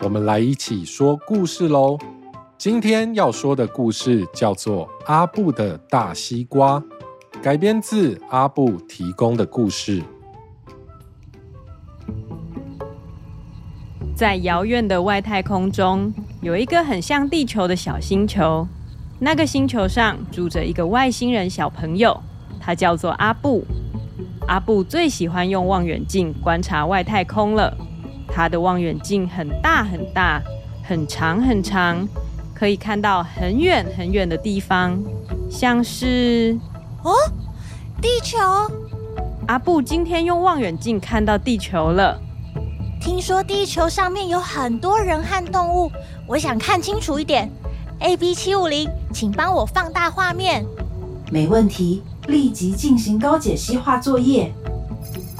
我們來一起說故事嘍！今天要說的故事叫做《阿布的大西瓜》，改編自阿布提供的故事。在遙遠的外太空中，有一個很像地球的小星球。那個星球上住着一個外星人小朋友，他叫做阿布。阿布最喜歡用望遠鏡觀察外太空了。它的望遠鏡很大很大，很長很長，可以看到很遠很遠的地方，像是哦，地球。阿布今天用望遠鏡看到地球了。聽說地球上面有很多人和動物，我想看清楚一點。AB 七五零，請幫我放大畫面。沒問題，立即進行高解析化作業。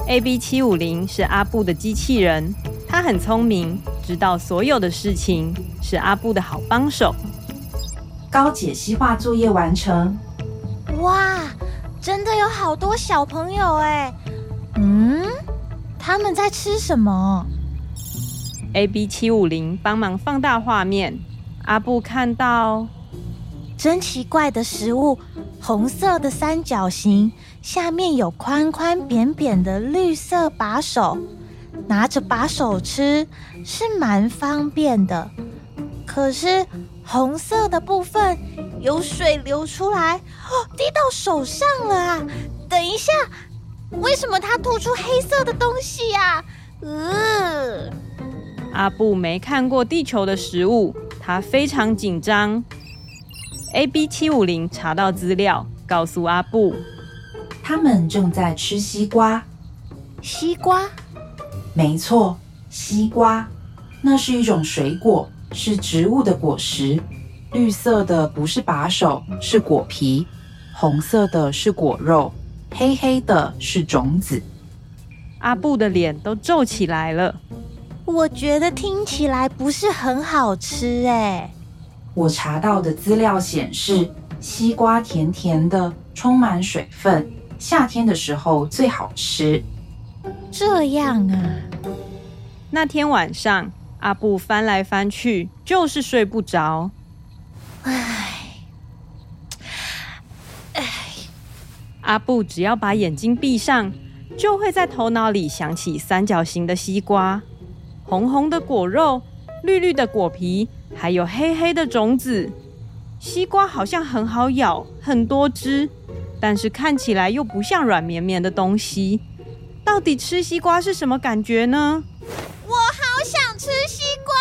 AB 七五零是阿布的機器人。他很聰明，知道所有的事情，是阿布的好幫手。高解析化作業完成。哇，真的有好多小朋友哎！嗯，他們在吃什麼？AB 七五零，幫忙放大畫面。阿布看到，真奇怪的食物，紅色的三角形，下面有寬寬扁扁扁的綠色把手。拿着把手吃是蠻方便的，可是紅色的部分有水流出來哦，滴到手上了啊！等一下，為什麼它吐出黑色的東西啊？嗯。阿布沒看過地球的食物，他非常緊張。AB750 查到資料，告訴阿布，他們正在吃西瓜。西瓜。沒錯，西瓜，那是一種水果，是植物的果實。綠色的不是把手，是果皮；紅色的是果肉，黑黑的是種子。阿布的臉都皺起來了，我覺得聽起來不是很好吃誒。我查到的資料顯示，西瓜甜甜的，充滿水分，夏天的時候最好吃。這樣啊！那天晚上，阿布翻來翻去，就是睡不着。唉，唉，阿布只要把眼睛閉上，就會在頭腦裡想起三角形的西瓜，紅紅的果肉，綠綠的果皮，還有黑黑的種子。西瓜好像很好咬，很多汁，但是看起來又不像軟綿綿的東西。到底吃西瓜是什麼感覺呢？我好想吃西瓜！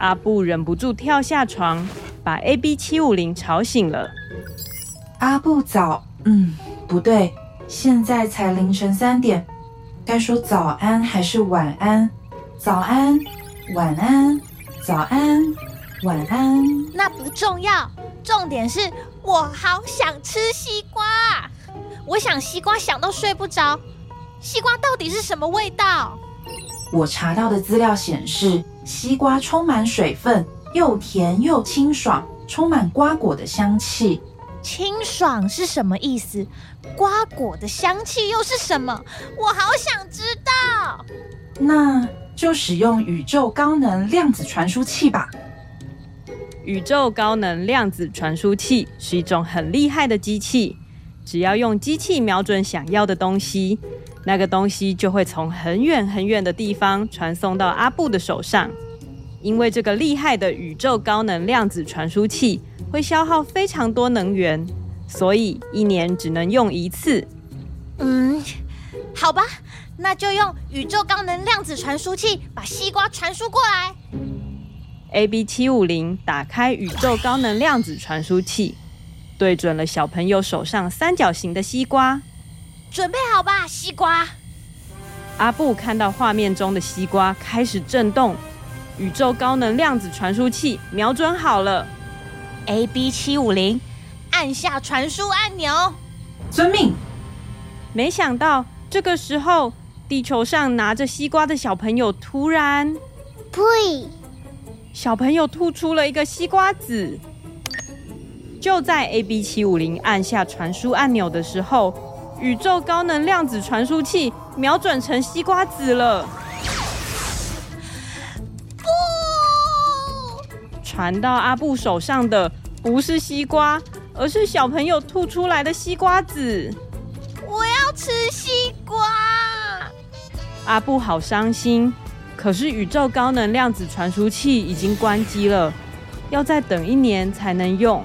阿布忍不住跳下床，把 AB750 吵醒了。阿布早，嗯，不對，現在才凌晨三點，該說早安還是晚安？早安，晚安，早安，晚安，那不重要，重點是我好想吃西瓜。我想西瓜想到睡不着，西瓜到底是什麼味道？我查到的資料顯示，西瓜充滿水分，又甜又清爽，充滿瓜果的香氣。清爽是什麼意思？瓜果的香氣又是什麼？我好想知道。那就使用宇宙高能量子傳輸器吧。宇宙高能量子傳輸器是一種很厲害的機器。只要用機器瞄準想要的東西，那個東西就會從很遠很遠的地方傳送到阿布的手上。因為這個厲害的宇宙高能量子傳輸器會消耗非常多能源，所以一年只能用一次。嗯，好吧，那就用宇宙高能量子傳輸器把西瓜傳輸過來。AB 七五零，打開宇宙高能量子傳輸器。對準了小朋友手上三角形的西瓜，準備好吧，西瓜！阿布看到畫面中的西瓜開始震動，宇宙高能量子傳輸器瞄準好了，AB 七五零，按下傳輸按鈕。遵命。沒想到這個時候，地球上拿着西瓜的小朋友突然呸，唄小朋友吐出了一個西瓜籽。就在 AB 七五零按下傳輸按鈕的時候，宇宙高能量子傳輸器瞄準成西瓜子了。不，傳到阿布手上的不是西瓜，而是小朋友吐出來的西瓜子。我要吃西瓜。阿布好傷心，可是宇宙高能量子傳輸器已經關機了，要再等一年才能用。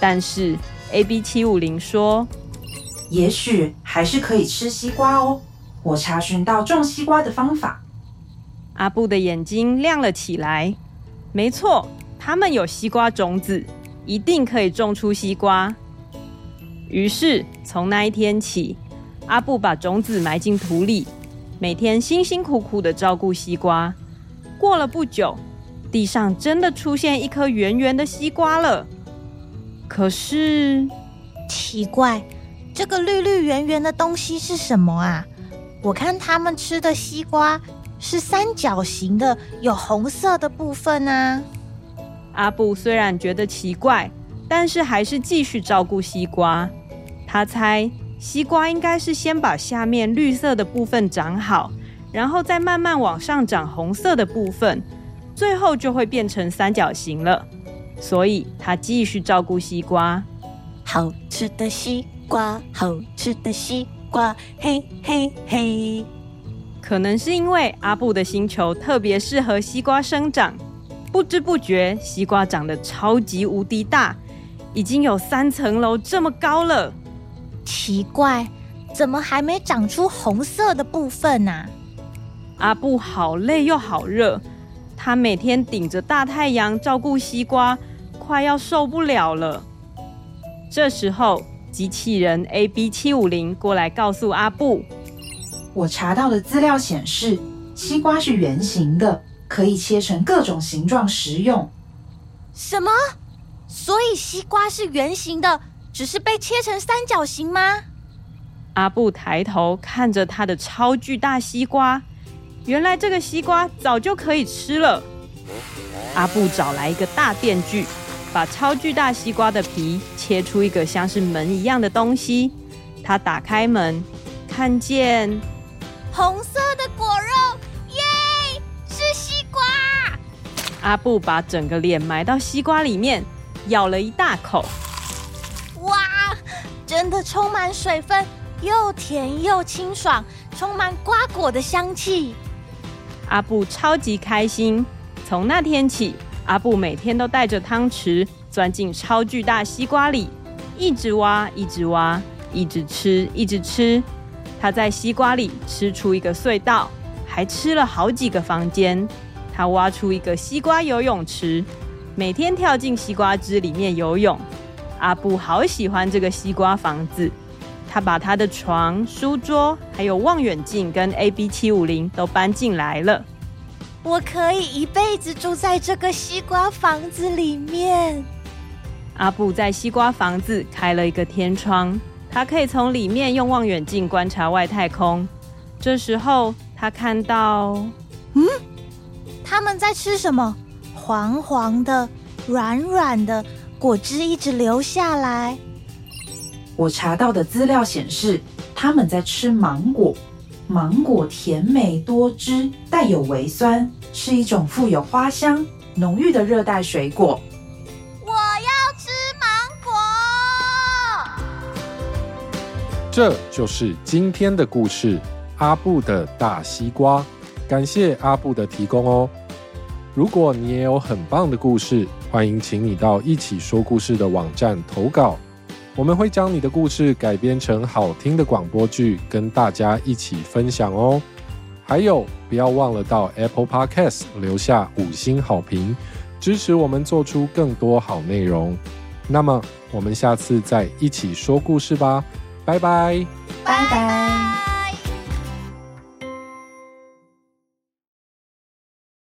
但是，AB 七五零說：“也許還是可以吃西瓜哦。”我查詢到種西瓜的方法。阿布的眼睛亮了起來。沒錯，他們有西瓜種子，一定可以種出西瓜。於是，從那一天起，阿布把種子埋進土裡，每天辛辛苦苦的照顧西瓜。過了不久，地上真的出現一顆圓圓的西瓜了。可是奇怪，這個綠綠圓圓的東西是什麼啊？我看他們吃的西瓜是三角形的，有紅色的部分呢、啊。阿布雖然覺得奇怪，但是還是繼續照顧西瓜。他猜西瓜應該是先把下面綠色的部分長好，然後再慢慢往上長紅色的部分，最後就會變成三角形了。所以他繼續照顧西瓜，好吃的西瓜，好吃的西瓜，嘿嘿嘿。可能是因為阿布的星球特別適合西瓜生長，不知不覺西瓜長得超級無敵大，已經有三層樓這麼高了。奇怪，怎麼還沒長出紅色的部分呢、啊？阿布好累又好熱，他每天頂着大太陽照顧西瓜。快要受不了了。這時候，機器人 AB 七五零過來告訴阿布：“我查到的資料顯示，西瓜是圓形的，可以切成各種形狀食用。”什麼？所以西瓜是圓形的，只是被切成三角形嗎？阿布抬頭看着他的超巨大西瓜，原來這個西瓜早就可以吃了。阿布找來一個大電鋸。把超巨大西瓜的皮切出一個像是門一樣的東西，他打開門，看見紅色的果肉，耶、yeah!！是西瓜！阿布把整個臉埋到西瓜裡面，咬了一大口，哇！Wow! 真的充滿水分，又甜又清爽，充滿瓜果的香氣。阿布超級開心，從那天起。阿布每天都帶着湯匙鑽進超巨大西瓜裡，一直挖，一直挖，一直吃，一直吃。他在西瓜裡吃出一個隧道，還吃了好幾個房間。他挖出一個西瓜游泳池，每天跳進西瓜汁裡面游泳。阿布好喜歡這個西瓜房子，他把他的床、書桌、還有望遠鏡跟 A B 七五零都搬進來了。我可以一輩子住在這個西瓜房子裡面。阿布在西瓜房子開了一個天窗，他可以從裡面用望遠鏡觀察外太空。這時候，他看到，嗯，他們在吃什麼？黃黃的、軟軟的、果汁一直流下來。我查到的資料顯示，他們在吃芒果。芒果甜美多汁，帶有微酸，是一種富有花香、濃郁的熱帶水果。我要吃芒果。這就是今天的故事《阿布的大西瓜》，感謝阿布的提供哦。如果你也有很棒的故事，歡迎請你到一起說故事的網站投稿。我們會將你的故事改編成好聽的廣播劇，跟大家一起分享哦。還有，不要忘了到 Apple Podcast 留下五星好評，支持我們做出更多好內容。那麼，我們下次再一起說故事吧，拜拜，拜拜。